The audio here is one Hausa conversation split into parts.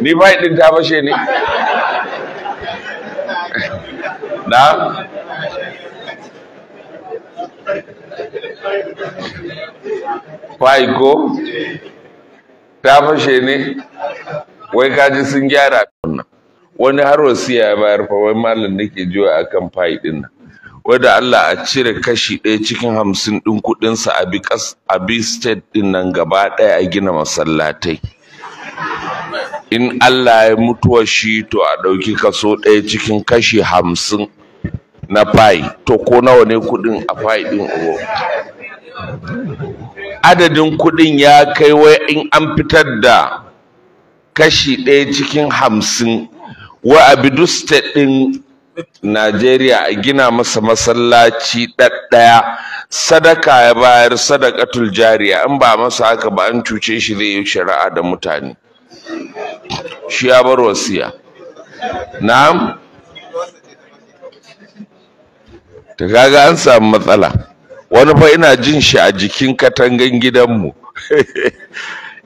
ni bai din ta fashe ne na fai ko ta fashe ne wai kaji sun gyara wani har wasiya ya bayar fa wai malam nake jiwa akan fai din nan wadda Allah a cire kashi ɗaya cikin hamsin ɗin kuɗinsa a bi state ɗin nan gaba ɗaya a gina masallatai. in Allah ya mutuwa shi to a ɗauki kaso ɗaya cikin kashi hamsin na fai to ko nawa ne kuɗin a fai ɗin ogo adadin kuɗin ya kai wai in an fitar da kashi ɗaya cikin hamsin wa a bidu state ɗin Najeriya a gina masa masallaci ɗaɗɗaya sadaka ya bayar sadakatul jariya in ba masa haka ba an cuce shi zai yi shari'a da mutane shi ya bar wasiya na'am ta kaga an samu matsala wani fa ina jin shi a jikin katangan gidanmu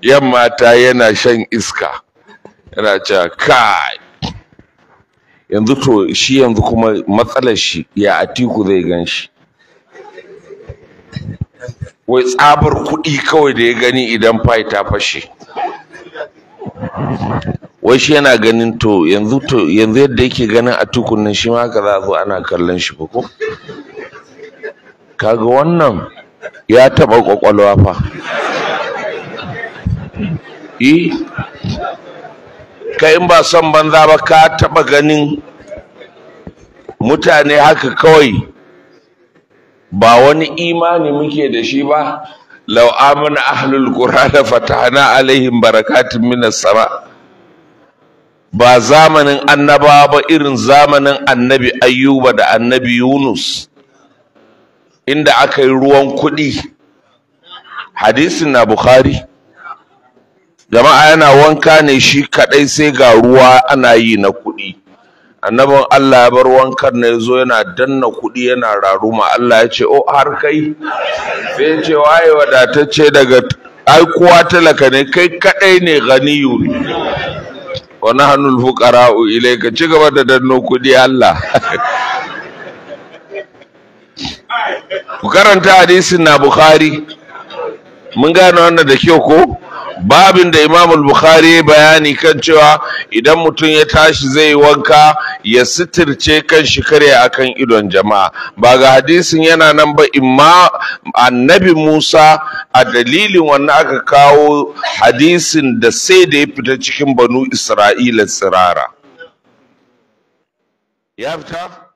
Yan mata yana shan iska yana cewa kai yanzu to shi yanzu kuma matsalar shi ya atiku zai gan shi wai tsabar kuɗi kawai da ya gani idan fai ta fashe wai shi yana ganin to yanzu to yanzu yadda yake ganin a tukunnin, shi ma haka za zo ana kallon shi ba ko kaga wannan ya taba kwakwalwa fa eh kai in ba son banza ba ka taba ganin mutane haka kawai ba wani imani muke da shi ba lau amana ahlul qur'ana fatahna alaihim barakatun minas sama' ba zamanin annaba ba irin zamanin annabi ayyuba da annabi yunus inda aka yi ruwan kuɗi hadisin na bukhari jama'a yana wanka ne shi kaɗai sai ga ruwa ana yi na kuɗi annabin allah ya bar wankan ya zo yana danna kuɗi yana raruma allah ya ce o har kai sai ya ce waye wadatacce daga aikuwa talaka ne kai kaɗai ne ganiyu ne wani hannun nahnul ile ka ci gaba da danno kudi Allah ku karanta hadisin na bukhari mun gane wannan da kyau ko babin da imam bukhari bayani kan cewa idan mutum ya tashi zai wanka ya sitirce kan shi kare akan idon jama'a ba ga hadisin yana nan ba imma annabi musa a dalilin wannan aka kawo hadisin da sai da ya fita cikin banu isra'ila tsirara ya fita